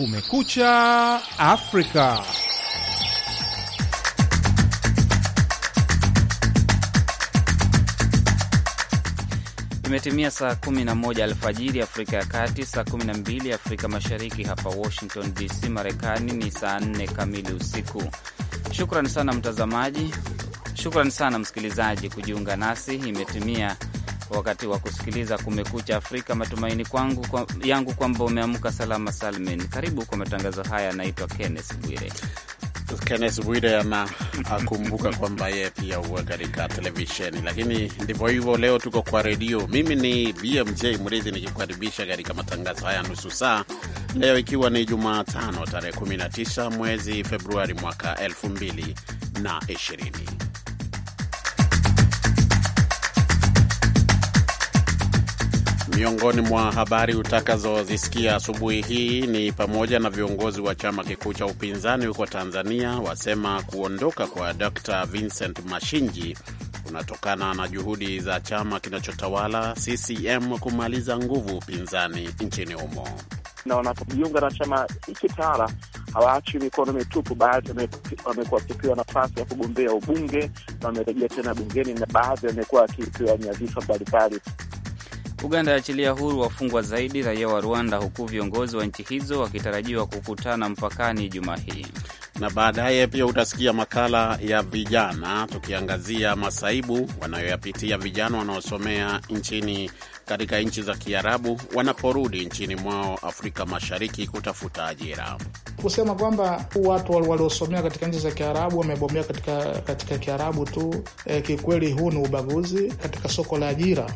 Kumekucha Afrika. Imetimia saa 11 alfajiri Afrika ya Kati, saa 12 Afrika Mashariki. Hapa Washington DC, Marekani ni saa 4 kamili usiku. Shukran sana mtazamaji, shukran sana msikilizaji kujiunga nasi. Imetimia wakati wa kusikiliza Kumekucha Afrika. Matumaini kwangu, kwa, yangu kwamba umeamka salama salmin. Karibu kwa matangazo haya, anaitwa Kenneth Bwire. Kenneth Bwire anakumbuka kwamba yeye pia huwa katika televisheni, lakini ndivyo hivyo. Leo tuko kwa redio. Mimi ni BMJ Mridhi nikikukaribisha katika matangazo haya nusu saa, leo ikiwa ni Jumatano tarehe 19 mwezi Februari mwaka 2020. Miongoni mwa habari utakazozisikia asubuhi hii ni pamoja na viongozi wa chama kikuu cha upinzani huko Tanzania wasema kuondoka kwa Dr. Vincent Mashinji kunatokana na juhudi za chama kinachotawala CCM kumaliza nguvu upinzani nchini humo. Na wanapojiunga na chama hiki tawala hawaachi mikono mitupu. Baadhi wamekuwa wakipewa nafasi ya kugombea ubunge na wamerejea tena bungeni, na baadhi wamekuwa wakipewa nyadhifa mbalimbali. Uganda yaachilia huru wafungwa zaidi raia wa Rwanda, huku viongozi wa nchi hizo wakitarajiwa kukutana mpakani juma hii na baadaye pia utasikia makala ya vijana tukiangazia masaibu wanayoyapitia vijana wanaosomea nchini katika nchi za Kiarabu wanaporudi nchini mwao Afrika Mashariki kutafuta ajira, kusema kwamba watu waliosomea katika nchi za Kiarabu wamebombea katika, katika Kiarabu tu. E, kikweli huu ni ubaguzi katika soko la ajira.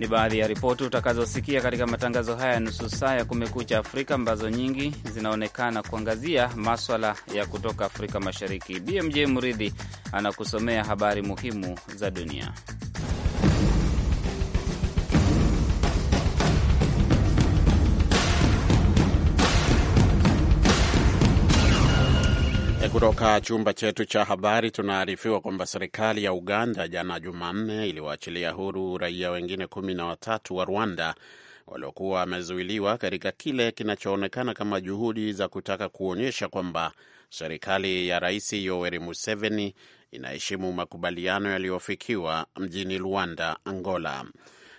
Ni baadhi ya ripoti utakazosikia katika matangazo haya ya nusu saa ya Kumekucha Afrika, ambazo nyingi zinaonekana kuangazia maswala ya kutoka Afrika Mashariki. BMJ Muridhi anakusomea habari muhimu za dunia. Kutoka chumba chetu cha habari tunaarifiwa kwamba serikali ya Uganda jana Jumanne iliwaachilia huru raia wengine kumi na watatu wa Rwanda waliokuwa wamezuiliwa katika kile kinachoonekana kama juhudi za kutaka kuonyesha kwamba serikali ya Rais Yoweri Museveni inaheshimu makubaliano yaliyofikiwa mjini Luanda, Angola.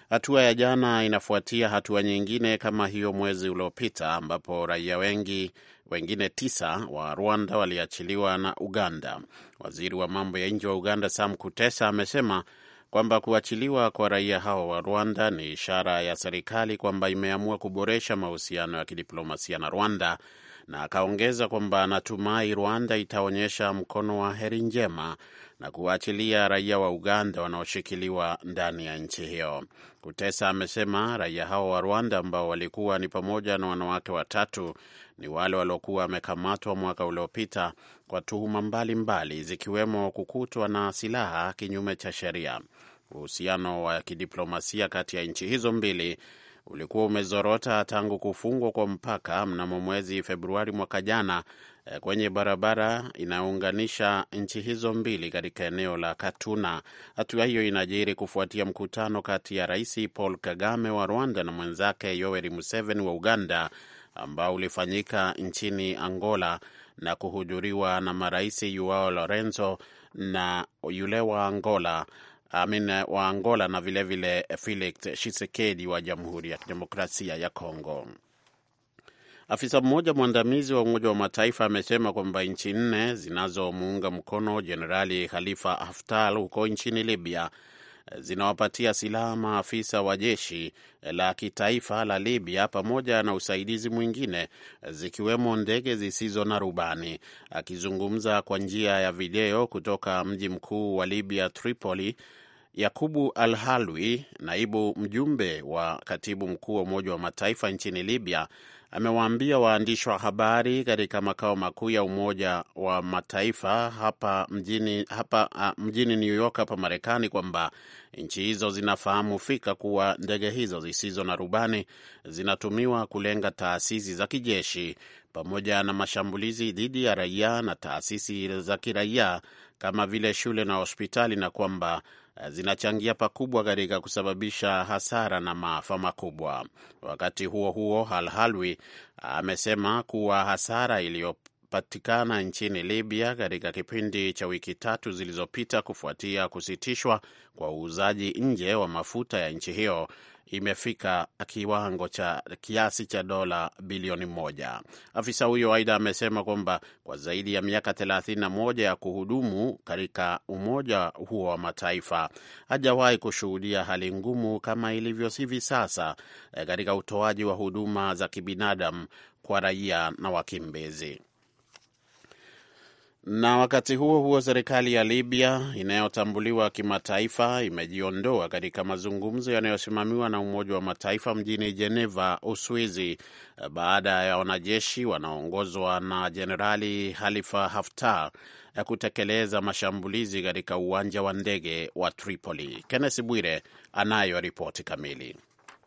Hatua ya jana inafuatia hatua nyingine kama hiyo mwezi uliopita ambapo raia wengi wengine tisa wa Rwanda waliachiliwa na Uganda. Waziri wa mambo ya nje wa Uganda Sam Kutesa amesema kwamba kuachiliwa kwa raia hao wa Rwanda ni ishara ya serikali kwamba imeamua kuboresha mahusiano ya kidiplomasia na Rwanda, na akaongeza kwamba anatumai Rwanda itaonyesha mkono wa heri njema na kuwaachilia raia wa Uganda wanaoshikiliwa ndani ya nchi hiyo. Kutesa amesema raia hao wa Rwanda ambao walikuwa ni pamoja na wanawake watatu ni wale waliokuwa wamekamatwa mwaka uliopita kwa tuhuma mbalimbali zikiwemo kukutwa na silaha kinyume cha sheria. Uhusiano wa kidiplomasia kati ya nchi hizo mbili ulikuwa umezorota tangu kufungwa kwa mpaka mnamo mwezi Februari mwaka jana Eh, kwenye barabara inayounganisha nchi hizo mbili katika eneo la Katuna. Hatua hiyo inajiri kufuatia mkutano kati ya Rais Paul Kagame wa Rwanda na mwenzake Yoweri Museveni wa Uganda ambao ulifanyika nchini Angola na kuhudhuriwa na marais Joao Lorenzo na yule wa Angola amin wa Angola na vilevile Felix Tshisekedi wa Jamhuri ya Kidemokrasia ya Kongo. Afisa mmoja mwandamizi wa Umoja wa Mataifa amesema kwamba nchi nne zinazomuunga mkono Jenerali Khalifa Haftar huko nchini Libya eh, zinawapatia silaha maafisa wa jeshi eh, la kitaifa la Libya pamoja na usaidizi mwingine eh, zikiwemo ndege zisizo na rubani. Akizungumza kwa njia ya video kutoka mji mkuu wa Libya, Tripoli, Yakubu Al Halwi, naibu mjumbe wa katibu mkuu wa Umoja wa Mataifa nchini Libya, amewaambia waandishi wa habari katika makao makuu ya Umoja wa Mataifa hapa mjini, hapa, a, ah, mjini New York hapa Marekani kwamba nchi hizo zinafahamu fika kuwa ndege hizo zisizo na rubani zinatumiwa kulenga taasisi za kijeshi pamoja na mashambulizi dhidi ya raia na taasisi za kiraia kama vile shule na hospitali na kwamba zinachangia pakubwa katika kusababisha hasara na maafa makubwa. Wakati huo huo, halhalwi halwi amesema kuwa hasara iliyo patikana nchini Libya katika kipindi cha wiki tatu zilizopita kufuatia kusitishwa kwa uuzaji nje wa mafuta ya nchi hiyo imefika kiwango cha kiasi cha dola bilioni moja. Afisa huyo aidha amesema kwamba kwa zaidi ya miaka thelathini na moja ya kuhudumu katika Umoja huo wa Mataifa hajawahi kushuhudia hali ngumu kama ilivyo hivi sasa eh, katika utoaji wa huduma za kibinadamu kwa raia na wakimbizi. Na wakati huo huo, serikali ya Libya inayotambuliwa kimataifa imejiondoa katika mazungumzo yanayosimamiwa na Umoja wa Mataifa mjini Jeneva, Uswizi, baada ya wanajeshi wanaoongozwa na Jenerali Halifa Haftar ya kutekeleza mashambulizi katika uwanja wa ndege wa Tripoli. kennes Bwire anayo ripoti kamili.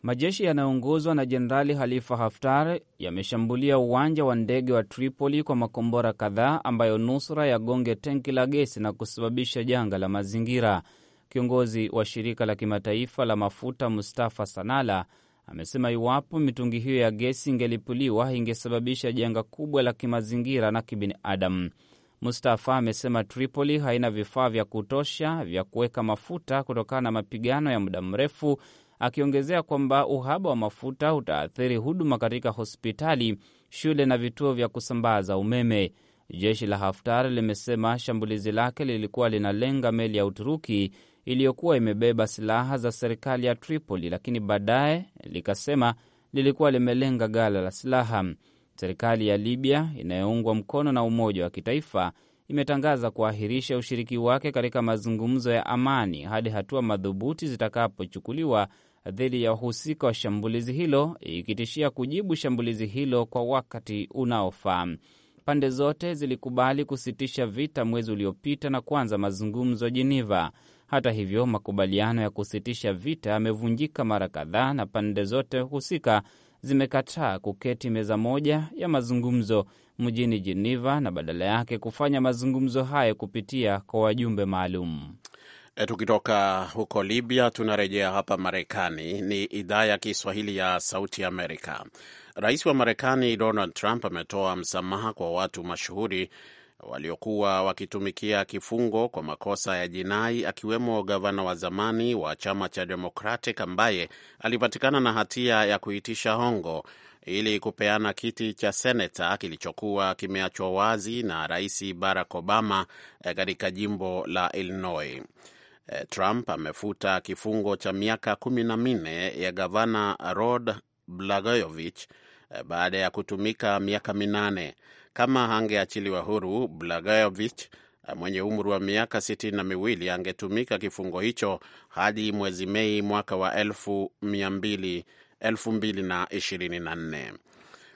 Majeshi yanayoongozwa na Jenerali halifa Haftar yameshambulia uwanja wa ndege wa Tripoli kwa makombora kadhaa ambayo nusra yagonge tenki la gesi na kusababisha janga la mazingira. Kiongozi wa shirika la kimataifa la mafuta Mustafa Sanala amesema iwapo mitungi hiyo ya gesi ingelipuliwa ingesababisha janga kubwa la kimazingira na kibinadamu. Mustafa amesema Tripoli haina vifaa vya kutosha vya kuweka mafuta kutokana na mapigano ya muda mrefu akiongezea kwamba uhaba wa mafuta utaathiri huduma katika hospitali, shule na vituo vya kusambaza umeme. Jeshi la Haftar limesema shambulizi lake lilikuwa linalenga meli ya Uturuki iliyokuwa imebeba silaha za serikali ya Tripoli, lakini baadaye likasema lilikuwa limelenga gala la silaha. Serikali ya Libya inayoungwa mkono na Umoja wa Kitaifa imetangaza kuahirisha ushiriki wake katika mazungumzo ya amani hadi hatua madhubuti zitakapochukuliwa dhidi ya wahusika wa shambulizi hilo, ikitishia kujibu shambulizi hilo kwa wakati unaofaa. Pande zote zilikubali kusitisha vita mwezi uliopita na kuanza mazungumzo Jeneva. Hata hivyo, makubaliano ya kusitisha vita yamevunjika mara kadhaa na pande zote husika zimekataa kuketi meza moja ya mazungumzo mjini Geneva na badala yake kufanya mazungumzo hayo kupitia kwa wajumbe maalum. E, tukitoka huko Libya tunarejea hapa Marekani. Ni idhaa ya Kiswahili ya Sauti Amerika. Rais wa Marekani Donald Trump ametoa msamaha kwa watu mashuhuri waliokuwa wakitumikia kifungo kwa makosa ya jinai akiwemo gavana wa zamani wa chama cha Democratic ambaye alipatikana na hatia ya kuitisha hongo ili kupeana kiti cha seneta kilichokuwa kimeachwa wazi na Rais Barack Obama eh, katika jimbo la Illinois. Eh, Trump amefuta kifungo cha miaka kumi na minne ya gavana Rod Blagojevich eh, baada ya kutumika miaka minane. Kama wa huru, Blagojevich eh, mwenye umri wa miaka sitini na miwili angetumika kifungo hicho hadi mwezi Mei mwaka wa elfu mbili na ishirini na nne.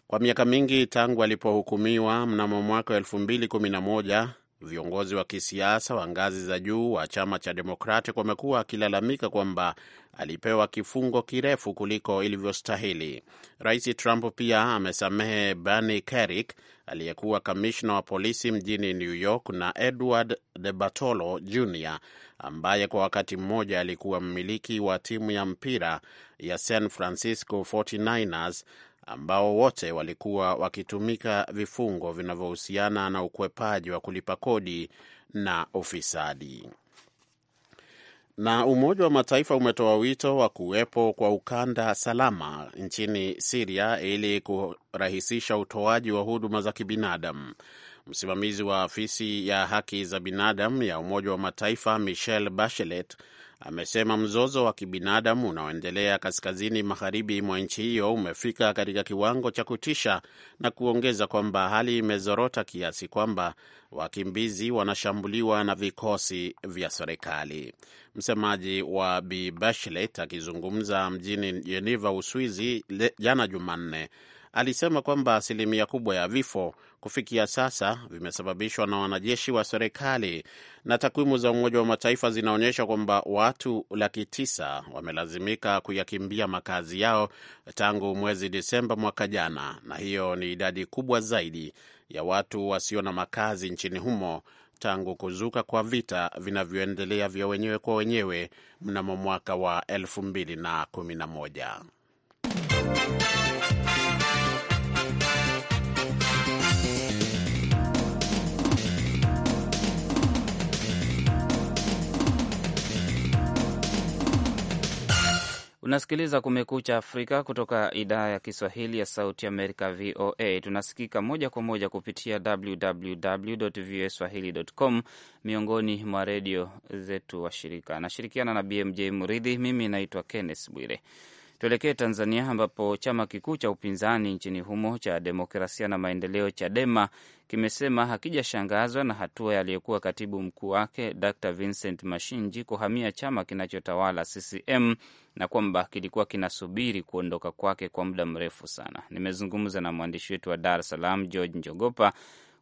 Kwa miaka mingi tangu alipohukumiwa mnamo mwaka wa elfu mbili kumi na moja Viongozi wa kisiasa wa ngazi za juu wa chama cha demokrati wamekuwa akilalamika kwamba alipewa kifungo kirefu kuliko ilivyostahili. Rais Trump pia amesamehe Bernie Kerik aliyekuwa kamishna wa polisi mjini New York na Edward De Bartolo Jr ambaye kwa wakati mmoja alikuwa mmiliki wa timu ya mpira ya San Francisco 49ers ambao wote walikuwa wakitumika vifungo vinavyohusiana na ukwepaji wa kulipa kodi na ufisadi. Na Umoja wa Mataifa umetoa wito wa kuwepo kwa ukanda salama nchini Siria ili kurahisisha utoaji wa huduma za kibinadamu. Msimamizi wa afisi ya haki za binadamu ya Umoja wa Mataifa Michelle Bachelet amesema mzozo wa kibinadamu unaoendelea kaskazini magharibi mwa nchi hiyo umefika katika kiwango cha kutisha na kuongeza kwamba hali imezorota kiasi kwamba wakimbizi wanashambuliwa na vikosi vya serikali. Msemaji wa Bi Bachelet akizungumza mjini Geneva, Uswizi jana Jumanne alisema kwamba asilimia kubwa ya vifo kufikia sasa vimesababishwa na wanajeshi wa serikali, na takwimu za Umoja wa Mataifa zinaonyesha kwamba watu laki tisa wamelazimika kuyakimbia makazi yao tangu mwezi Desemba mwaka jana, na hiyo ni idadi kubwa zaidi ya watu wasio na makazi nchini humo tangu kuzuka kwa vita vinavyoendelea vya wenyewe kwa wenyewe mnamo mwaka wa 2011. Unasikiliza Kumekucha Afrika kutoka idhaa ya Kiswahili ya Sauti Amerika, VOA. Tunasikika moja kwa moja kupitia www voa swahili com, miongoni mwa redio zetu washirika. Anashirikiana na BMJ Muridhi. Mimi naitwa Kenneth Bwire. Tuelekee Tanzania ambapo chama kikuu cha upinzani nchini humo cha Demokrasia na Maendeleo, Chadema, kimesema hakijashangazwa na hatua ya aliyekuwa katibu mkuu wake Dr Vincent Mashinji kuhamia chama kinachotawala CCM na kwamba kilikuwa kinasubiri kuondoka kwake kwa muda mrefu sana. Nimezungumza na mwandishi wetu wa Dar es Salaam, George Njogopa,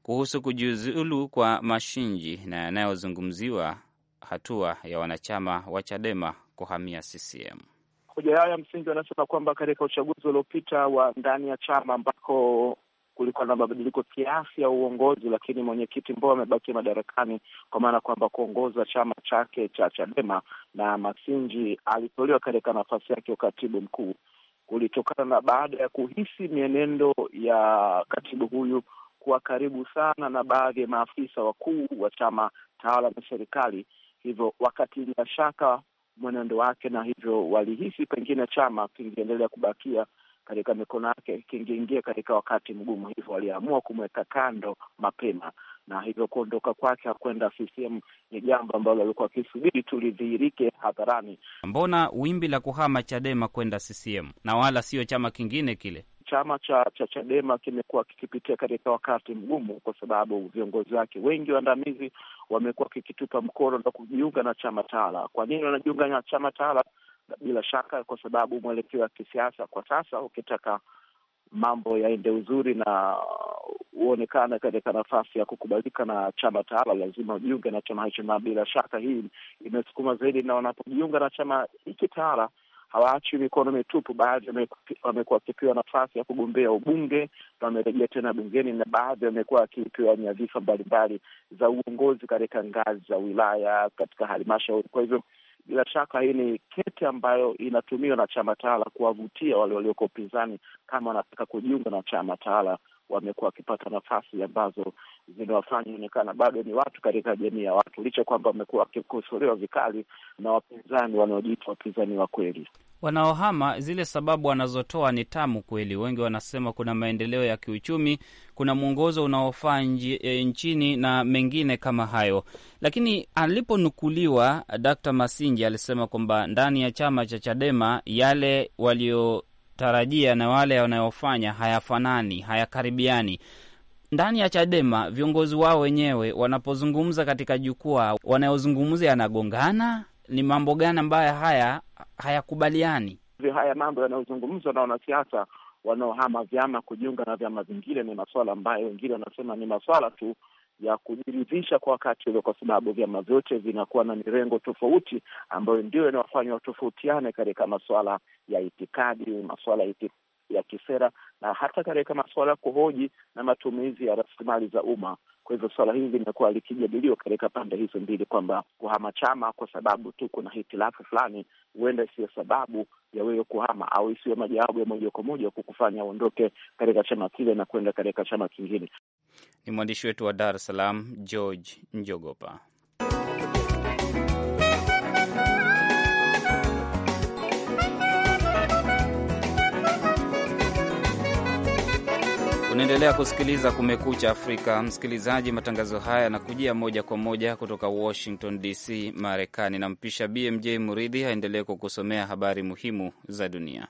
kuhusu kujiuzulu kwa Mashinji na yanayozungumziwa hatua ya wanachama wa Chadema kuhamia CCM. Hoja yao ya msingi wanasema kwamba katika uchaguzi uliopita wa ndani ya chama ambako kulikuwa na mabadiliko kiasi ya uongozi, lakini mwenyekiti Mbowe amebaki madarakani kwa maana kwamba kuongoza chama chake cha Chadema na Masinji alitolewa katika nafasi yake ya ukatibu mkuu kulitokana na baada ya kuhisi mienendo ya katibu huyu kuwa karibu sana na baadhi ya maafisa wakuu wa chama tawala na serikali, hivyo wakatilia shaka mwenendo wake, na hivyo walihisi pengine chama kingeendelea kubakia katika mikono yake kingeingia katika wakati mgumu, hivyo waliamua kumweka kando mapema, na hivyo kuondoka kwake hakwenda CCM ni jambo ambalo walikuwa akisubiri tulidhihirike hadharani. Mbona wimbi la kuhama Chadema kwenda CCM na wala sio chama kingine kile? chama cha, cha Chadema kimekuwa kikipitia katika wakati mgumu, kwa sababu viongozi wake wengi waandamizi wamekuwa kikitupa mkono na kujiunga na chama tawala. Kwa nini wanajiunga na chama tawala? Bila shaka kwa sababu mwelekeo wa kisiasa kwa sasa, ukitaka mambo yaende uzuri na huonekana katika nafasi ya kukubalika na chama tawala, lazima ujiunge na chama hicho, na bila shaka hii imesukuma zaidi, na wanapojiunga na chama hiki tawala hawaachi mikono mitupu. Baadhi wamekuwa wakipewa nafasi ya kugombea ubunge na wamerejea tena bungeni, na baadhi wamekuwa wakipewa nyadhifa mbalimbali za uongozi katika ngazi za wilaya, katika halmashauri. Kwa hivyo bila shaka hii ni kete ambayo inatumiwa na chama tawala kuwavutia wale walioko upinzani, kama wanataka kujiunga na chama tawala wamekuwa wakipata nafasi ambazo zinawafanya onekana bado ni watu katika jamii ya watu, licha kwamba wamekuwa wakikosolewa vikali na wapinzani wanaojiita wapinzani wa kweli. Wanaohama zile sababu wanazotoa ni tamu kweli. Wengi wanasema kuna maendeleo ya kiuchumi, kuna mwongozo unaofaa e, nchini na mengine kama hayo. Lakini aliponukuliwa d Masinji alisema kwamba ndani ya chama cha Chadema yale walio wanayotarajia na wale wanayofanya hayafanani, hayakaribiani. Ndani ya Chadema viongozi wao wenyewe wanapozungumza katika jukwaa, wanayozungumza yanagongana. Ni mambo gani ambayo haya hayakubaliani? Haya mambo yanayozungumzwa na wanasiasa wanaohama vyama kujiunga na vyama vingine ni maswala ambayo wengine wanasema ni maswala tu ya kujiridhisha kwa wakati ule, kwa sababu vyama vyote vinakuwa na mirengo tofauti ambayo ndio inawafanya watofautiane katika masuala ya itikadi, masuala ya itikadi ya kisera na hata katika masuala ya kuhoji na matumizi ya rasilimali za umma. Kwa hivyo suala hili limekuwa likijadiliwa katika pande hizo mbili, kwamba kuhama chama kwa sababu tu kuna hitilafu fulani huenda isiyo sababu ya wewe kuhama au isiyo majawabu ya moja kwa moja kukufanya uondoke katika chama kile na kwenda katika chama kingine. Ni mwandishi wetu wa Dar es Salaam, George Njogopa. Unaendelea kusikiliza Kumekucha Afrika, msikilizaji. Matangazo haya yanakujia moja kwa moja kutoka Washington DC, Marekani. Nampisha BMJ Muridhi aendelee kukusomea habari muhimu za dunia.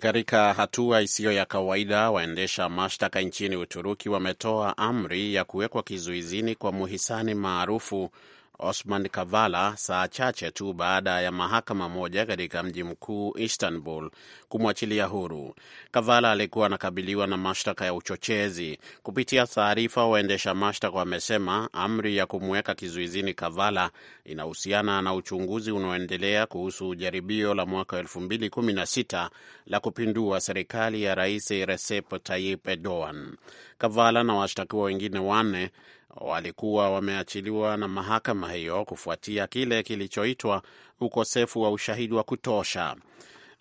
Katika hatua isiyo ya kawaida, waendesha mashtaka nchini Uturuki wametoa amri ya kuwekwa kizuizini kwa muhisani maarufu Osman Kavala saa chache tu baada ya mahakama moja katika mji mkuu Istanbul kumwachilia huru. Kavala alikuwa anakabiliwa na mashtaka ya uchochezi. Kupitia taarifa, waendesha mashtaka wamesema amri ya kumweka kizuizini Kavala inahusiana na uchunguzi unaoendelea kuhusu jaribio la mwaka 2016 la kupindua serikali ya Rais Recep Tayyip Erdogan. Kavala na washtakiwa wengine wanne walikuwa wameachiliwa na mahakama hiyo kufuatia kile kilichoitwa ukosefu wa ushahidi wa kutosha.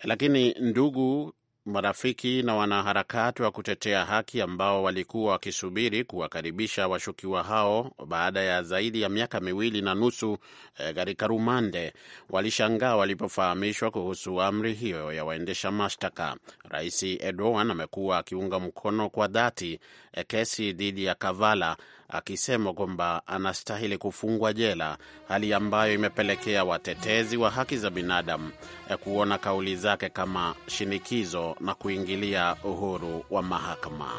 Lakini ndugu, marafiki na wanaharakati wa kutetea haki ambao walikuwa wakisubiri kuwakaribisha washukiwa hao baada ya zaidi ya miaka miwili na nusu eh, katika e, rumande walishangaa walipofahamishwa kuhusu amri hiyo ya waendesha mashtaka. Rais Erdogan amekuwa akiunga mkono kwa dhati e, kesi dhidi ya Kavala akisema kwamba anastahili kufungwa jela, hali ambayo imepelekea watetezi wa haki za binadamu eh, kuona kauli zake kama shinikizo na kuingilia uhuru wa mahakama.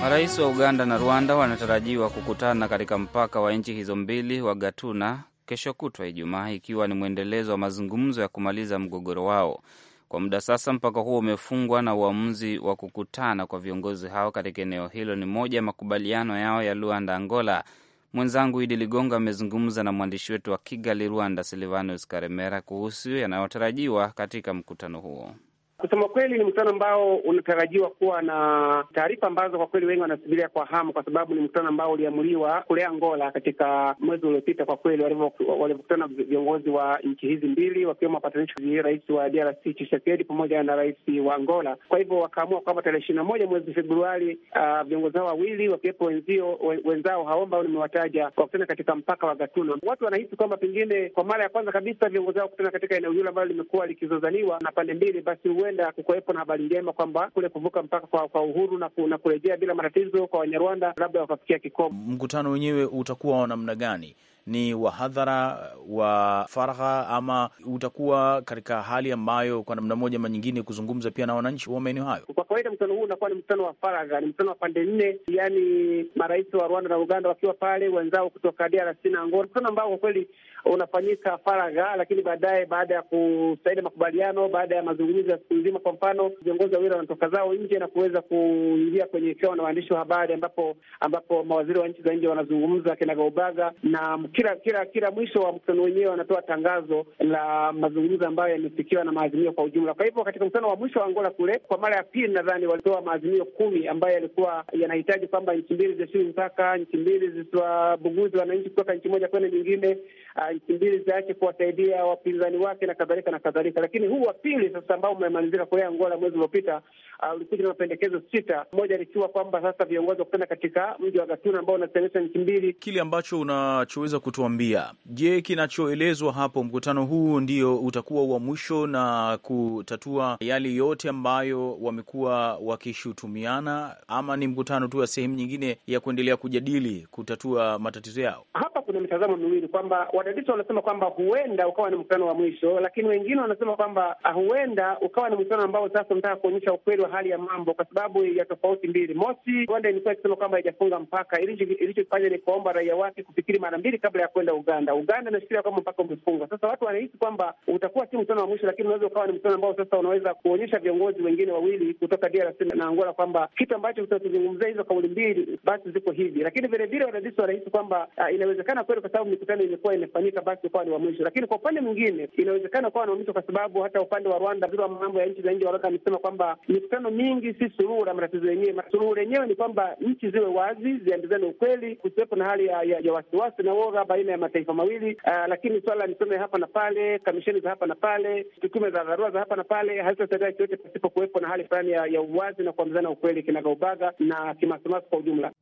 Marais wa Uganda na Rwanda wanatarajiwa kukutana katika mpaka wa nchi hizo mbili wa Gatuna kesho kutwa Ijumaa, ikiwa ni mwendelezo wa mazungumzo ya kumaliza mgogoro wao. Kwa muda sasa, mpaka huo umefungwa na uamuzi wa kukutana kwa viongozi hao katika eneo hilo ni moja ya makubaliano yao ya Luanda, Angola. Mwenzangu Idi Ligongo amezungumza na mwandishi wetu wa Kigali, Rwanda, Silvanus Karemera kuhusu yanayotarajiwa katika mkutano huo. Kusema kweli ni mkutano ambao unatarajiwa kuwa na taarifa ambazo kwa kweli wengi wanasubiria kwa hamu, kwa sababu ni mkutano ambao uliamuliwa kule Angola katika mwezi uliopita. Kwa kweli walivyokutana viongozi wa nchi hizi mbili, wakiwemo wapatanishi, rais wa DRC Tshisekedi pamoja na rais wa Angola. Kwa hivyo wakaamua kwamba tarehe ishirini na moja mwezi Februari, uh, viongozi hao wawili wakiwepo wenzio wenzao hao ambao nimewataja wakutana katika mpaka wa Gatuna. Watu wanahisi kwamba pengine kwa mara ya kwanza kabisa viongozi hao kutana katika eneo hilo ambalo limekuwa likizozaniwa na pande mbili, basi huenda kukuwepo na habari njema kwamba kule kuvuka mpaka kwa, kwa uhuru na, ku, na kurejea bila matatizo kwa Wanyarwanda labda wakafikia kikomo. Mkutano wenyewe utakuwa wa namna gani? ni wahadhara wa faragha, ama utakuwa katika hali ambayo kwa namna moja ama nyingine kuzungumza pia na wananchi wa maeneo hayo? Kwa kawaida mkutano huu unakuwa ni mkutano wa faragha, ni mkutano wa pande nne, yaani marais wa Rwanda na Uganda wakiwa pale, wenzao kutoka DRC na Angola, mkutano ambao kwa kweli unafanyika faragha, lakini baadaye, baada ya kusaini makubaliano, baada ya mazungumzo ya siku nzima, kwa mfano viongozi wawili wanatoka zao nje na kuweza kuingia kwenye kikao na waandishi wa habari, ambapo ambapo mawaziri wa nchi za nje wanazungumza kenagaubaga na kila kila kila mwisho wa mkutano wenyewe wanatoa tangazo la mazungumzo ambayo yamefikiwa na maazimio kwa ujumla. Kwa hivyo katika mkutano wa mwisho wa Angola kule, kwa mara ya pili nadhani walitoa maazimio kumi ambayo yalikuwa yanahitaji kwamba nchi mbili ziheshimu mpaka, nchi mbili zisiwabuguzi wananchi kutoka nchi moja kwenda nyingine, ah, nchi mbili ziache kuwasaidia wapinzani wake na kadhalika na kadhalika. Lakini huu wa pili sasa ambao umemalizika kule Angola mwezi uliopita ah, ulikuja na mapendekezo sita, moja likiwa kwamba sasa viongozi wakutana katika mji wa Gatuna ambao unatenganisha nchi mbili. Kile ambacho unachoweza kutuambia, je, kinachoelezwa hapo, mkutano huu ndio utakuwa wa mwisho na kutatua yale yote ambayo wamekuwa wakishutumiana, ama ni mkutano tu wa sehemu nyingine ya kuendelea kujadili kutatua matatizo yao? Hapa kuna mitazamo miwili, kwamba wadadisi wanasema kwamba huenda ukawa ni mkutano wa mwisho, lakini wengine wanasema kwamba huenda ukawa ni mkutano ambao sasa unataka kuonyesha ukweli wa hali ya mambo, kwa sababu ya tofauti mbili. Mosi, Rwanda ilikuwa ikisema kwamba haijafunga mpaka, ilichofanya ni kuomba raia wake kufikiri mara mbili kabla ya kwenda Uganda. Uganda imeshikilia kwamba mpaka umefunga. Sasa watu wanahisi kwamba utakuwa si mkutano wa mwisho, lakini unaweza ukawa ni mkutano ambao sasa unaweza kuonyesha viongozi wengine wawili kutoka DRC na Angola kwamba kitu ambacho tunazungumzia hizo kauli mbili basi ziko hivi, lakini vilevile wadadisi wanahisi kwamba uh, inawezekana kweli, kwa sababu mikutano imekuwa imefanyika, basi ukawa ni wa mwisho. Lakini kwa upande mwingine inawezekana ukawa na mwisho, kwa sababu hata upande wa Rwanda, waziri wa mambo ya nchi za nje wa Rwanda amesema kwamba mikutano mingi si suluhu la matatizo yenyewe. Suluhu lenyewe ni kwamba nchi ziwe wazi, ziambizane ukweli, kusiwepo na hali ya, ya, ya wasiwasi na woga biashara baina ya mataifa mawili uh, lakini swala nisome hapa na pale, kamisheni za hapa na pale, tukume za dharura za hapa na pale hazitasaidia chochote pasipo kuwepo na hali fulani ya, ya uwazi na kuambizana ukweli kinagaubaga na kimasumasu kwa ujumla.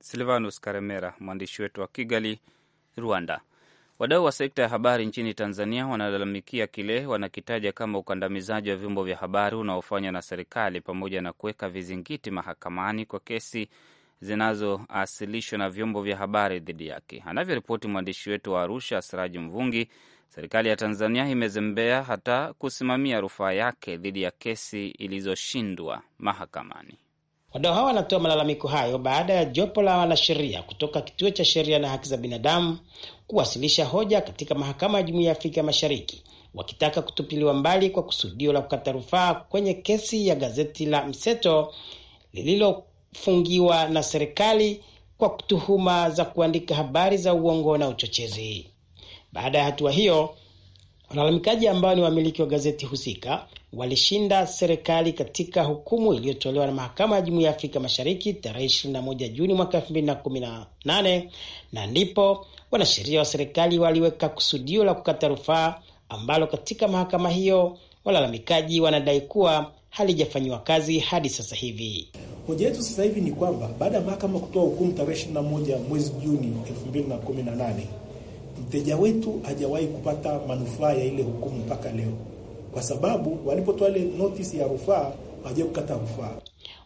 Silvanus Karemera, mwandishi wetu wa Kigali, Rwanda. Wadau wa sekta ya habari nchini Tanzania wanalalamikia kile wanakitaja kama ukandamizaji wa vyombo vya habari unaofanywa na serikali pamoja na kuweka vizingiti mahakamani kwa kesi zinazoasilishwa na vyombo vya habari dhidi yake. Anavyoripoti mwandishi wetu wa Arusha, Siraji Mvungi, serikali ya Tanzania imezembea hata kusimamia rufaa yake dhidi ya kesi ilizoshindwa mahakamani. Wadau hawa wanatoa malalamiko hayo baada ya jopo la wanasheria kutoka kituo cha sheria na haki za binadamu kuwasilisha hoja katika mahakama ya jumuiya ya Afrika Mashariki wakitaka kutupiliwa mbali kwa kusudio la kukata rufaa kwenye kesi ya gazeti la Mseto lililo kufungiwa na serikali kwa tuhuma za kuandika habari za uongo na uchochezi. Baada ya hatua hiyo, walalamikaji ambao ni wamiliki wa gazeti husika walishinda serikali katika hukumu iliyotolewa na mahakama ya Jumuiya ya Afrika Mashariki tarehe 21 Juni mwaka 2018 na ndipo wanasheria wa serikali waliweka kusudio la kukata rufaa ambalo katika mahakama hiyo walalamikaji wanadai kuwa halijafanyiwa kazi hadi sasa hivi. Hoja yetu sasa hivi ni kwamba baada ya mahakama kutoa hukumu tarehe 21 mwezi Juni 2018 mteja wetu hajawahi kupata manufaa ya ile hukumu mpaka leo, kwa sababu walipotoa ile notisi ya rufaa hawajawahi kukata rufaa.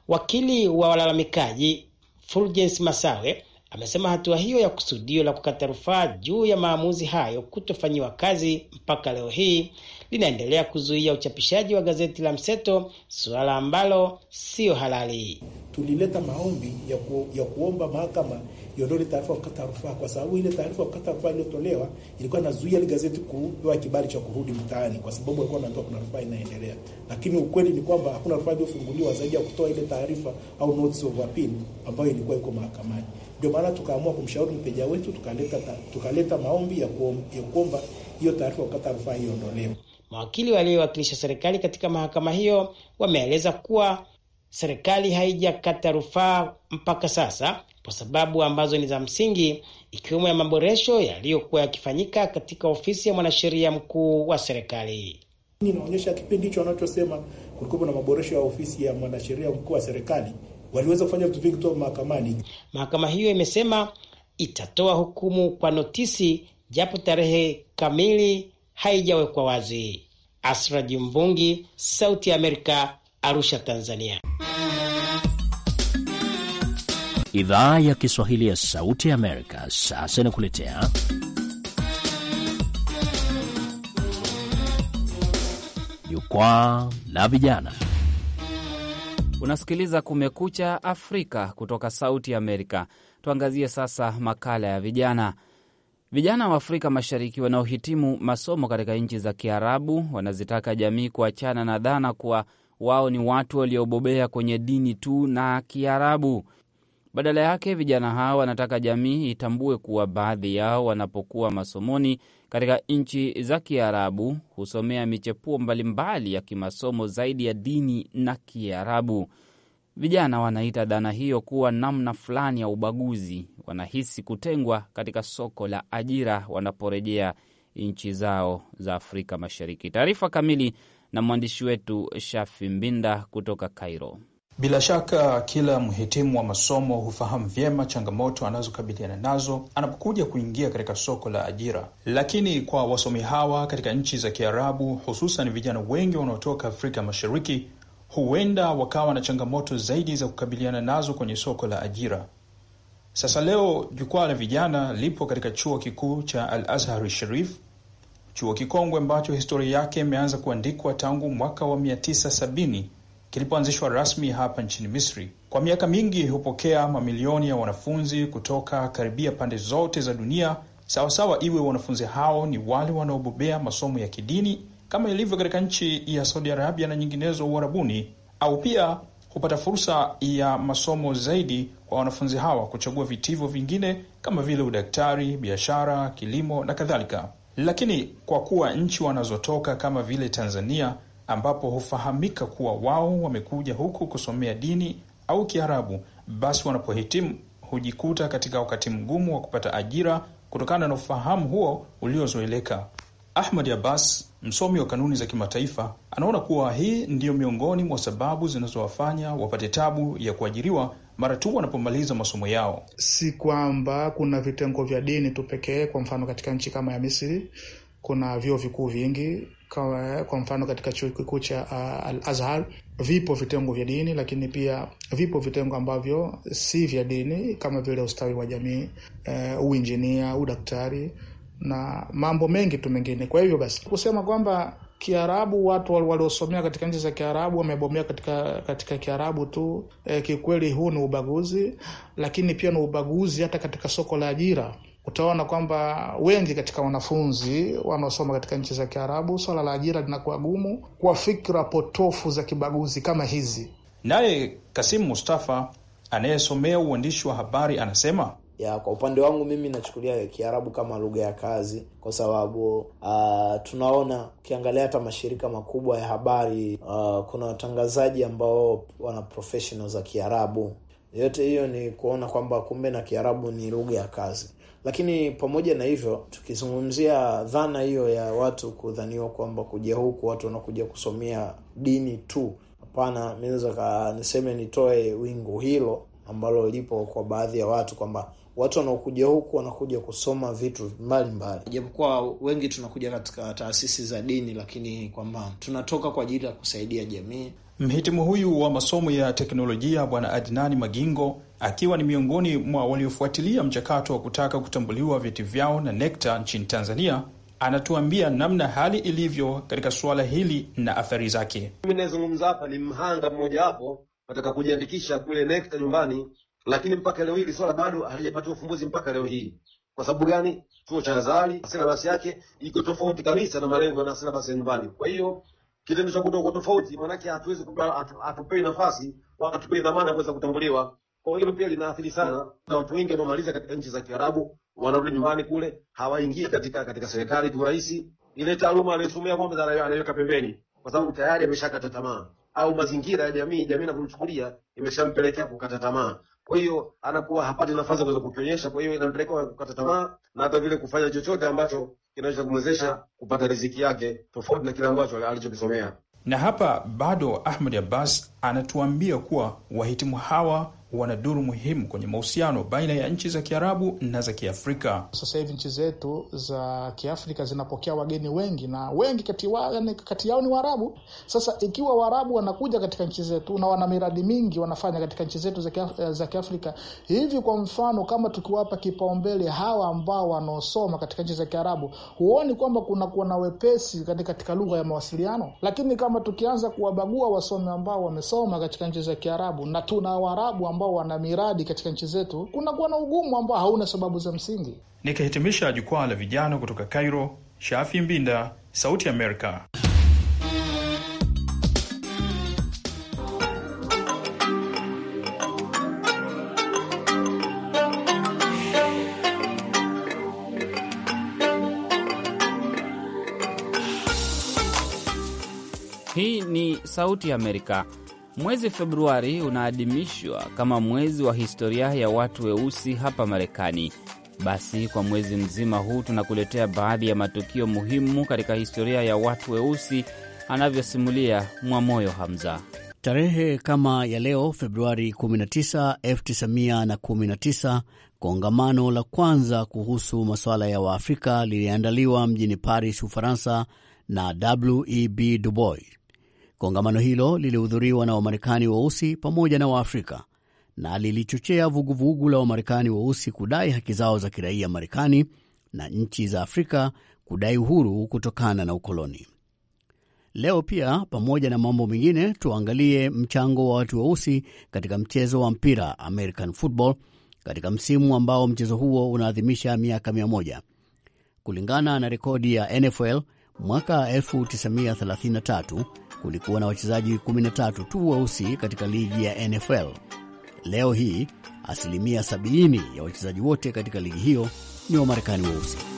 Wakili wa walalamikaji Fulgence Masawe amesema hatua hiyo ya kusudio la kukata rufaa juu ya maamuzi hayo kutofanyiwa kazi mpaka leo hii linaendelea kuzuia uchapishaji wa gazeti la Mseto, suala ambalo siyo halali. Tulileta maombi ya, ku, ya kuomba mahakama iondole taarifa ya kukata rufaa kwa sababu ile taarifa ya kukata rufaa iliyotolewa ilikuwa inazuia ile gazeti kupewa kibali cha kurudi mtaani, kwa sababu alikuwa anatoa kuna rufaa inaendelea, lakini ukweli ni kwamba hakuna rufaa iliyofunguliwa zaidi ya kutoa ile taarifa au notice of appeal ambayo ilikuwa iko mahakamani. Ndio maana tukaamua kumshauri mteja wetu, tukaleta tukaleta maombi ya kuomba, ya kuomba hiyo taarifa kukata rufaa iondolewe. Mawakili waliowakilisha serikali katika mahakama hiyo wameeleza kuwa serikali haijakata rufaa mpaka sasa kwa sababu ambazo ni za msingi ikiwemo ya maboresho yaliyokuwa yakifanyika katika ofisi ya mwanasheria mkuu wa serikali. Inaonyesha kipindi hicho wanachosema kulikuwa na maboresho ya ofisi ya mwanasheria mkuu wa serikali waliweza kufanya vitu vingi kutoka mahakamani. Mahakama hiyo imesema itatoa hukumu kwa notisi, japo tarehe kamili haijawekwa wazi. Asraji Jimbungi, Sauti ya Amerika, Arusha, Tanzania. Idhaa ya Kiswahili ya Sauti ya Amerika sasa inakuletea Jukwaa la Vijana. Unasikiliza Kumekucha Afrika kutoka Sauti Amerika. Tuangazie sasa makala ya vijana. Vijana wa Afrika Mashariki wanaohitimu masomo katika nchi za Kiarabu wanazitaka jamii kuachana na dhana kuwa wao ni watu waliobobea kwenye dini tu na Kiarabu. Badala yake, vijana hao wanataka jamii itambue kuwa baadhi yao wanapokuwa masomoni katika nchi za Kiarabu husomea michepuo mbalimbali ya kimasomo zaidi ya dini na Kiarabu. Vijana wanaita dhana hiyo kuwa namna fulani ya ubaguzi. Wanahisi kutengwa katika soko la ajira wanaporejea nchi zao za Afrika Mashariki. Taarifa kamili na mwandishi wetu Shafi Mbinda kutoka cairo bila shaka kila mhitimu wa masomo hufahamu vyema changamoto anazokabiliana nazo anapokuja kuingia katika soko la ajira, lakini kwa wasomi hawa katika nchi za Kiarabu, hususan vijana wengi wanaotoka Afrika Mashariki, huenda wakawa na changamoto zaidi za kukabiliana nazo kwenye soko la ajira. Sasa leo jukwaa la vijana lipo katika chuo kikuu cha Al Azhari Sharif, chuo kikongwe ambacho historia yake imeanza kuandikwa tangu mwaka wa 97 kilipoanzishwa rasmi hapa nchini Misri. Kwa miaka mingi hupokea mamilioni ya wanafunzi kutoka karibia pande zote za dunia, sawasawa, iwe wanafunzi hao ni wale wanaobobea masomo ya kidini kama ilivyo katika nchi ya Saudi Arabia na nyinginezo Uarabuni, au pia hupata fursa ya masomo zaidi kwa wanafunzi hawa kuchagua vitivo vingine kama vile udaktari, biashara, kilimo na kadhalika. Lakini kwa kuwa nchi wanazotoka kama vile Tanzania ambapo hufahamika kuwa wao wamekuja huku kusomea dini au Kiarabu, basi wanapohitimu hujikuta katika wakati mgumu wa kupata ajira kutokana na ufahamu huo uliozoeleka. Ahmad Abbas, msomi wa kanuni za kimataifa, anaona kuwa hii ndiyo miongoni mwa sababu zinazowafanya wapate tabu ya kuajiriwa mara tu wanapomaliza masomo yao. Si kwamba kuna vitengo vya dini tu pekee. Kwa mfano, katika nchi kama ya Misri kuna vyuo vikuu vingi kwa, kwa mfano katika chuo kikuu cha uh, Al Azhar vipo vitengo vya dini, lakini pia vipo vitengo ambavyo si vya dini kama vile ustawi wa jamii, uh, uinjinia, udaktari na mambo mengi tu mengine. Kwa hivyo basi kusema kwamba Kiarabu watu waliosomea katika nchi za Kiarabu wamebomea katika katika Kiarabu tu, e, kikweli huu ni ubaguzi, lakini pia ni ubaguzi hata katika soko la ajira utaona kwamba wengi katika wanafunzi wanaosoma katika nchi za Kiarabu swala la ajira linakuwa gumu kwa fikra potofu za kibaguzi kama hizi. Naye Kasimu Mustafa anayesomea uandishi wa habari anasema ya kwa upande wangu mimi nachukulia Kiarabu kama lugha ya kazi, kwa sababu uh, tunaona ukiangalia hata mashirika makubwa ya habari uh, kuna watangazaji ambao wana professional za Kiarabu. Yote hiyo ni kuona kwamba kumbe na Kiarabu ni lugha ya kazi. Lakini pamoja na hivyo, tukizungumzia dhana hiyo ya watu kudhaniwa kwamba kuja huku watu wanakuja kusomea dini tu, hapana. Mi naweza niseme, nitoe wingu hilo ambalo lipo kwa baadhi ya watu kwamba watu wanaokuja huku wanakuja kusoma vitu mbalimbali, japokuwa wengi tunakuja katika taasisi za dini, lakini kwamba tunatoka kwa ajili ya kusaidia jamii. Mhitimu huyu wa masomo ya teknolojia Bwana Adnani Magingo akiwa ni miongoni mwa waliofuatilia mchakato wa kutaka kutambuliwa vyeti vyao na NECTA nchini Tanzania anatuambia namna hali ilivyo katika suala hili na athari zake. Mi nayezungumza hapa ni mhanga mmoja wapo, nataka kujiandikisha kule NECTA nyumbani lakini mpaka leo hii swala bado halijapata ufumbuzi mpaka leo hii. Kwa sababu gani? Chuo cha Azhari silabasi yake iko tofauti kabisa na malengo na silabasi ya nyumbani. Kwa hiyo kitendo cha kutoka tofauti, maanake hatuwezi hatupewi nafasi wala hatupewi dhamana kuweza kutambuliwa. Kwa hiyo pia linaathiri sana, na watu wengi wanaomaliza katika nchi za Kiarabu wanarudi nyumbani kule, hawaingii katika katika serikali kiurahisi. Ile taaluma aliyosomea Mohamed anaweka pembeni, kwa sababu tayari ameshakata tamaa, au mazingira ya jamii jamii inavyomchukulia imeshampelekea kukata tamaa. Kwa hiyo anakuwa hapati nafasi ya kuweza kukionyesha, kwa hiyo inampeleka kukata tamaa na hata vile kufanya chochote ambacho kinaweza kumwezesha kupata riziki yake tofauti na kile ambacho alichokisomea. Na hapa bado Ahmed Abbas anatuambia kuwa wahitimu hawa wana duru muhimu kwenye mahusiano baina ya nchi za Kiarabu na za Kiafrika. Sasa hivi nchi zetu za Kiafrika zinapokea wageni wengi na wengi kati, wa, yani, kati yao ni Waarabu. Sasa ikiwa Waarabu wanakuja katika nchi zetu na wana miradi mingi wanafanya katika nchi zetu za eh, Kiafrika, hivi kwa mfano kama tukiwapa kipaumbele hawa ambao wanaosoma katika nchi za Kiarabu, huoni kwamba kunakuwa na wepesi katika lugha ya mawasiliano? Lakini kama tukianza kuwabagua wasomi ambao wamesoma katika nchi za Kiarabu na tuna Waarabu ambao ambao wana miradi katika nchi zetu, kunakuwa na ugumu ambao hauna sababu za msingi. Nikihitimisha jukwaa la vijana kutoka Cairo, Shafi Mbinda, Sauti Amerika. Hii ni Sauti Amerika. Mwezi Februari unaadhimishwa kama mwezi wa historia ya watu weusi hapa Marekani. Basi kwa mwezi mzima huu tunakuletea baadhi ya matukio muhimu katika historia ya watu weusi, anavyosimulia Mwamoyo Hamza. Tarehe kama ya leo Februari 19, 1919 kongamano la kwanza kuhusu masuala ya Waafrika liliandaliwa mjini Paris, Ufaransa na WEB Du Bois. Kongamano hilo lilihudhuriwa na Wamarekani weusi pamoja na Waafrika na lilichochea vuguvugu la Wamarekani weusi kudai haki zao za kiraia Marekani na nchi za Afrika kudai uhuru kutokana na ukoloni. Leo pia, pamoja na mambo mengine, tuangalie mchango wa watu weusi katika mchezo wa mpira American football katika msimu ambao mchezo huo unaadhimisha miaka mia moja kulingana na rekodi ya NFL mwaka 1933 kulikuwa na wachezaji 13 tu weusi katika ligi ya NFL. Leo hii asilimia 70 ya wachezaji wote katika ligi hiyo ni Wamarekani weusi wa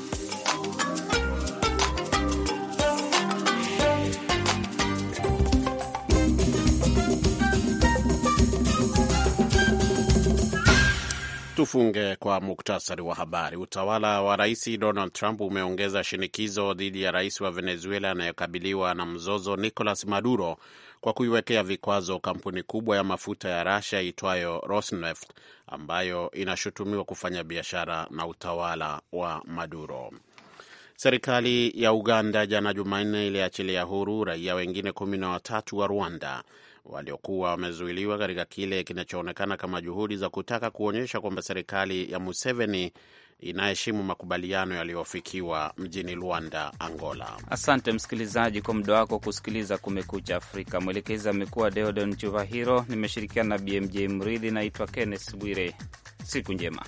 tufunge kwa muktasari wa habari. Utawala wa Rais Donald Trump umeongeza shinikizo dhidi ya rais wa Venezuela anayekabiliwa na mzozo Nicolas Maduro kwa kuiwekea vikwazo kampuni kubwa ya mafuta ya Russia itwayo Rosneft ambayo inashutumiwa kufanya biashara na utawala wa Maduro. Serikali ya Uganda jana Jumanne iliachilia huru raia wengine kumi na watatu wa Rwanda waliokuwa wamezuiliwa katika kile kinachoonekana kama juhudi za kutaka kuonyesha kwamba serikali ya Museveni inaheshimu makubaliano yaliyofikiwa mjini Luanda, Angola. Asante msikilizaji kwa muda wako kusikiliza Kumekucha Afrika. Mwelekezi amekuwa Deodon Chuvahiro, nimeshirikiana na BMJ Mridhi. Naitwa Kenneth Bwire, siku njema.